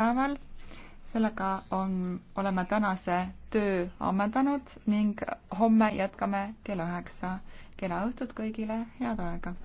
päeval. sellega on, oleme tänase töö ammendanud ning homme jätkame kell üheksa. kena õhtut kõigile, head aega!